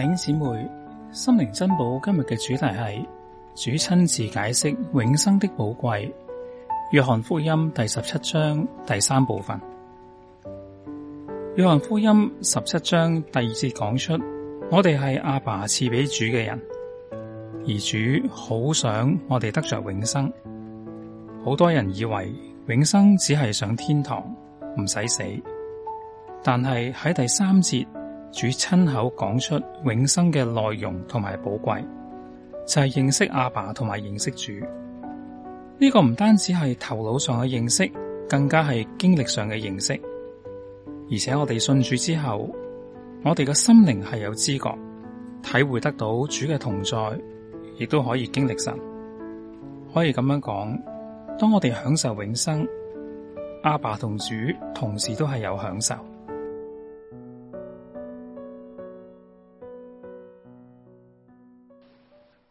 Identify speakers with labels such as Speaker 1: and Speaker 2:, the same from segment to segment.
Speaker 1: 弟兄姊妹，心靈珍寶今日嘅主題係主親自解釋永生的寶貴。約翰福音第十七章第三部分。約翰福音十七章第二節講出，我哋係阿爸賜俾主嘅人，而主好想我哋得着永生。好多人以為永生只係上天堂，唔使死，但係喺第三節，主親口講出永生嘅內容同埋寶貴，就係認識阿爸同埋認識主。呢個唔單止係頭腦上嘅認識，更加係經歷上嘅認識。而且我哋信主之後，我哋嘅心靈係有知覺，體會得到主嘅同在，亦都可以經歷神。可以咁樣講，當我哋享受永生，阿爸同主同時都係有享受。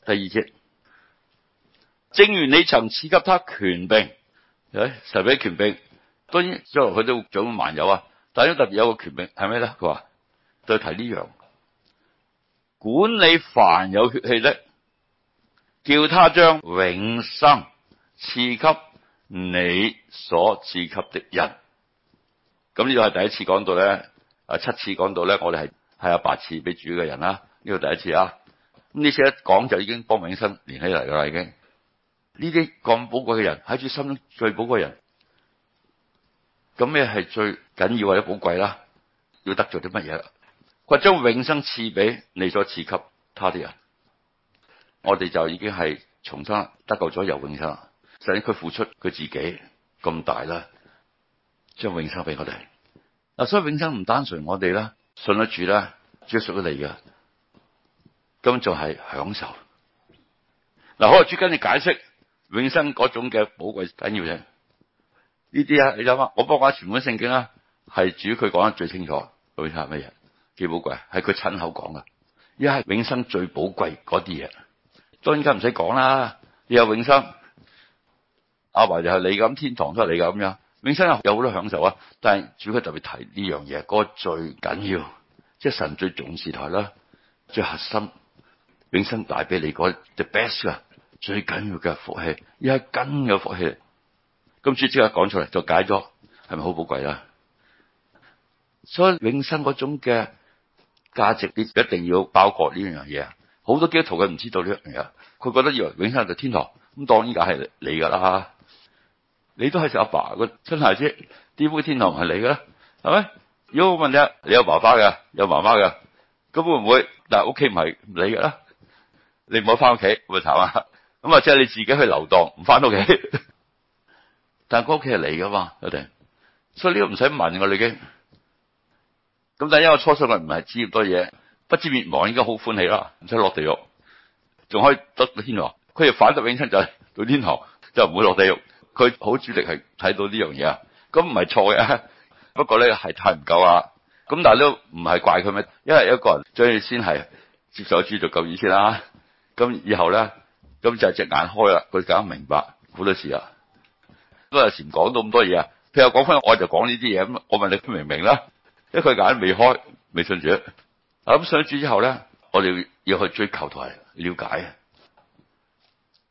Speaker 2: 第二節，正如你曾賜給他權柄，神、哎、比權柄，當然將來佢都咁滿有啊，但係呢特別有個權柄係咩咧？佢話再提呢、這、樣、個，管理凡有血氣的，叫他將永生賜給你所賜給的人。咁呢個係第一次講到咧，啊七次講到咧，我哋係係阿爸賜俾主嘅人啦，呢個第一次啊。咁你一講就已經幫永生連起嚟啦，已經，呢啲咁寶貴嘅人喺佢心中最寶貴人，咁咩係最緊要或者寶貴啦？要得咗啲乜嘢？或將永生賜俾你所賜給他啲人，我哋就已經係重生得救咗有永生。所以佢付出佢自己咁大啦，將永生俾我哋。所以永生唔單純我哋啦，信得住啦，接受得嚟嘅。咁就係享受。
Speaker 1: 嗱，好啦，
Speaker 2: 主跟你解釋永生嗰種嘅寶貴緊要嘅呢啲啊，你諗下，我幫我全本聖經啦，係主佢講得最清楚，佢係乜嘢？幾寶貴？係佢親口講㗎，依家係永生最寶貴嗰啲嘢。當然家唔使講啦，有永生，阿爸，爸就係你咁，天堂都係你咁樣，永生有好多享受啊。但係主佢特別提呢樣嘢，嗰個最緊要，即係神最重視台啦，最核心。永生帶畀你，嗰隻 best 噶最緊要嘅福氣，一斤嘅福氣。今次即刻講出嚟就解咗，係咪好寶貴呀？所以永生嗰種嘅價值，你一定要包括呢樣嘢。好多基督徒佢唔知道呢樣嘢，佢覺得以為永生就天堂咁，當然梗係你噶啦吓，你都係阿爸個親孩子，點會天堂係你嘅，係咪？如果我問你，你有爸爸嘅，有媽媽嘅，咁會唔會？但係屋企唔係你嘅啦。你唔好翻屋企咪慘啦。咁即係你自己去流蕩，唔翻屋企， 但係佢屋企係嚟噶嘛？佢哋所以呢個唔使問我哋嘅。咁但係因為初初我唔係知咁多嘢，不知滅亡，應該好歡喜啦，唔使落地獄，仲可以得天堂。佢要反得永生就係到天堂，就唔會落地獄。佢好主力係睇到呢樣嘢，咁唔係錯嘅。不過咧係太唔夠啊。咁但係都唔係怪佢咩，因為一個人最先係接受基督救恩先啦。咁以後咧，咁就隻眼開啦，佢搞明白好多事啊。都有時講到咁多嘢啊，譬如講翻，我就講呢啲嘢。咁我問你明唔明啦？因為佢眼未開，未信主。咁信咗主之後咧，我哋要去追求同埋了解。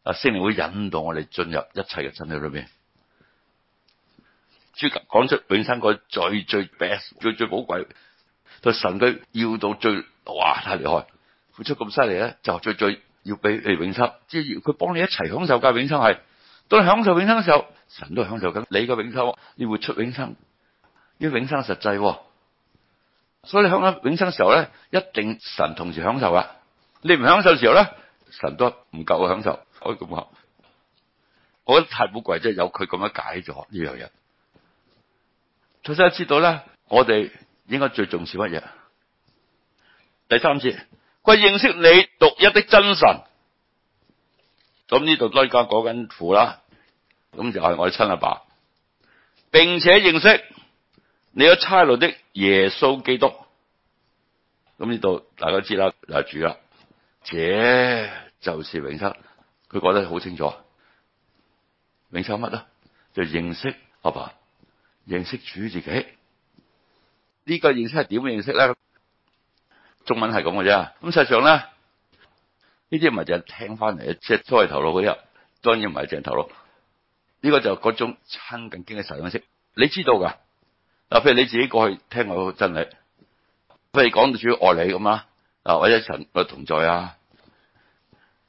Speaker 2: 阿聖靈會引導我哋進入一切嘅真理裏邊。主講出本身個最最 best 最最寶貴，對神佢要到最哇，太厲害！付出咁犀利咧，就最最。要俾你永生，即係佢幫你一齊享受嘅永生係。當你享受永生嘅時候，神都享受緊你嘅永生，你活出永生，呢永生實際。所以你享受永生嘅時候咧，一定神同時享受啦。你唔享受嘅時候咧，神都唔夠享受。可以咁講，我覺得太寶貴，即係有佢咁樣解咗呢樣嘢。最緊要知道咧，我哋應該最重視乜嘢？第三節。佢認識你獨一的真神，咁呢度都而家講緊父啦，咁就係我親阿爸，並且認識你有差來的耶穌基督，咁呢度大家都知啦，就是、主啦，姐就是永生，佢講得好清楚，永生乜啦，就認識阿爸,爸，認識主自己，呢、這個認識係點認識咧？中文係咁嘅啫，咁實際上咧，呢啲唔係淨係聽翻嚟，即係都係頭腦嗰啲啊。當然唔係淨係頭腦，呢個就係各種親近經歷嘅認識，你知道噶嗱，譬如你自己過去聽我的真理，譬如講到主要愛你咁嘛，啊或者神同在啊，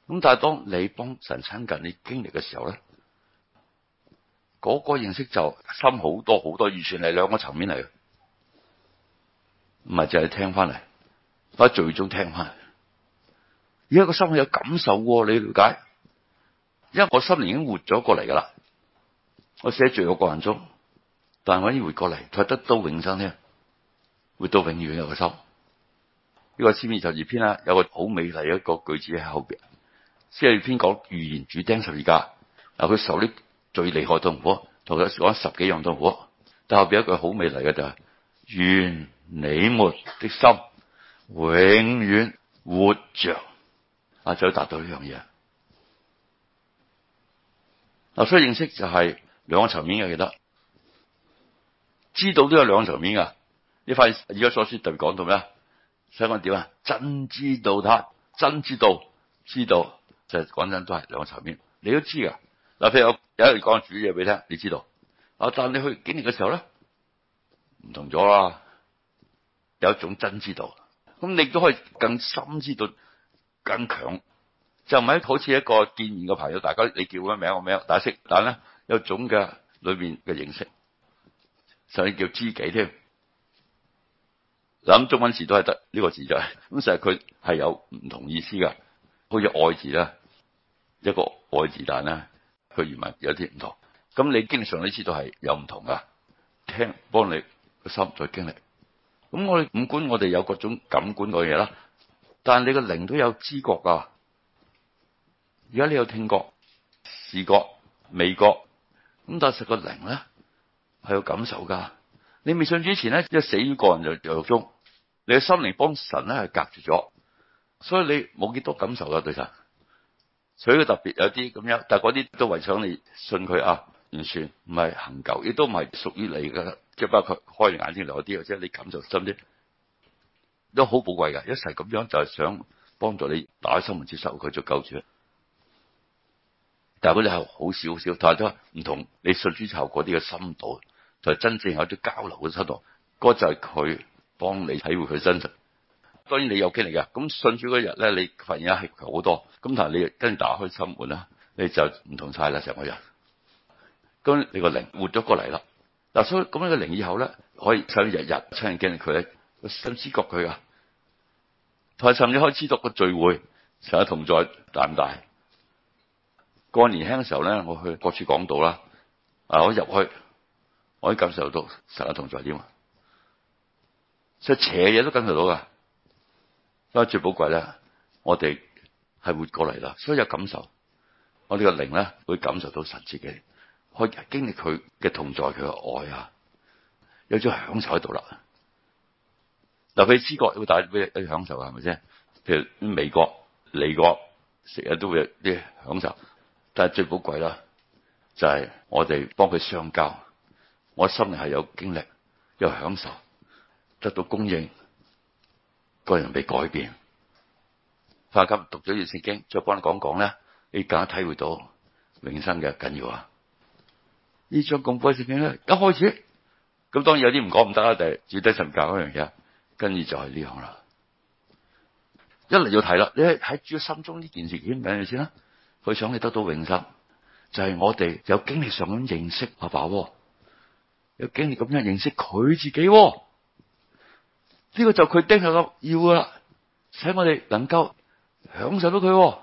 Speaker 2: 咁但係當你幫神親近你經歷嘅時候咧，嗰個認識就深好多好多，很多預算係兩個層面嚟嘅，唔係淨係聽翻嚟。我最終聽翻，而家個心有感受喎。你了解？因為我心靈已經活咗過嚟噶啦。我寫罪個過程中，但係我可以回過嚟，得得到永生，呢活到永遠。有、這個心呢個《詩篇》二十二篇啦，有個好美麗一個句子喺後邊。詩篇講預言主釘十二家，嗱，佢受啲最厲害痛苦，同佢講十幾樣痛苦，但後邊一句好美麗嘅就係、是、願你們的心。永遠活着啊，就要達到呢樣嘢。啊，所以認識就係兩個層面嘅，記得知道都有兩個層面噶。你發現而家所說特別講到咩啊？想講點啊？真知道他，他真知道，知道就講、是、真的都係兩個層面。你都知噶？嗱，譬如我有一日講主嘢俾你聽，你知道。啊，但你去幾年嘅時候咧，唔同咗啦，有一種真知道。咁你都可以更深知道更強，就唔係好似一個見面嘅朋友，大家你叫咩名？我名，打識，但係咧，有種嘅裏邊嘅形式，甚至叫知己添。諗中文字都係得呢個字就係咁，成日佢係有唔同意思噶，好似愛字啦，一個愛字，但係咧佢原文有啲唔同，咁你經常都知道係有唔同噶，聽幫你個心再經歷。咁我哋五官，我哋有各種感官個嘢啦，但係你個靈都有知覺噶。而家你有聽覺、視覺、味覺，咁但係實個靈咧係有感受噶。你未信之前咧，即係死於個人就獄中，你嘅心靈幫神咧係隔住咗，所以你冇幾多感受噶，對神。所以佢特別有啲咁樣，但係嗰啲都為想你信佢啊，完全唔係恆久，亦都唔係屬於你㗎。即包括開眼睛留啲，或者你感受深啲，都好寶貴噶。一係咁樣就係想幫助你打開心門，接受佢做救主。但係嗰啲係好少少，但係都唔同你信主之後嗰啲嘅深度，就係、是、真正有啲交流嘅深度。嗰就係佢幫你體會佢真實。當然你有經歷噶，咁信主嗰日咧，你發現係強好多。咁但係你跟住打開心門啦，你就唔同晒啦成個人。咁你個靈活咗過嚟啦。嗱、啊，所以咁嘅靈以後咧，可以可以日日親眼見佢咧，個心知覺佢啊。同埋甚至開始到個聚會，神同在大唔大？過年輕嘅時候咧，我去各處講道啦，啊，我入去，我都感受到成日同在點嘛，所以邪嘢都感受到噶。所以最寶貴咧，我哋係活過嚟啦，所以有感受，我哋個靈咧會感受到神自己。去經歷佢嘅同在，佢嘅愛啊，有咗享受喺度啦。嗱，佢知覺會帶俾啲享受係咪先？譬如美國、美國成日都會有啲享受，但係最寶貴啦，就係我哋幫佢相交，我心裏係有經歷，有享受，得到供應，個人被改變。快啲讀咗《聖經》，再幫你講講啦，你更加體會到永生嘅緊要啊！呢張咁貴視片咧，一開始咁當然有啲唔講唔得啦，第主低神教嗰樣嘢，跟住就係呢樣啦。一嚟要睇啦，喺喺主心中呢件事點樣你先啦？佢想你得到永生，就係、是、我哋有經歷上咁認識阿爸喎，有經歷咁樣認識佢自己喎。呢、這個就佢盯下咁要啦，使我哋能夠享受到佢，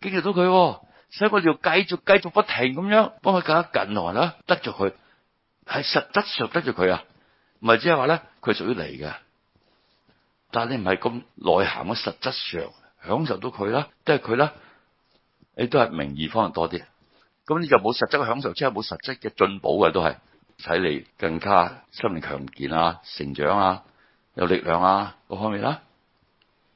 Speaker 2: 經歷到佢。所以我哋要繼續繼續不停咁樣幫佢更加近來啦，得著佢係實質上得著佢啊，唔係即係話咧，佢係屬於你嘅，但係你唔係咁內涵嘅實質上享受到佢啦，都係佢啦，你都係名義方面多啲，咁你就冇實質嘅享受，即係冇實質嘅進步嘅都係，使你更加心靈強健啊、成長啊、有力量啊各方面啦。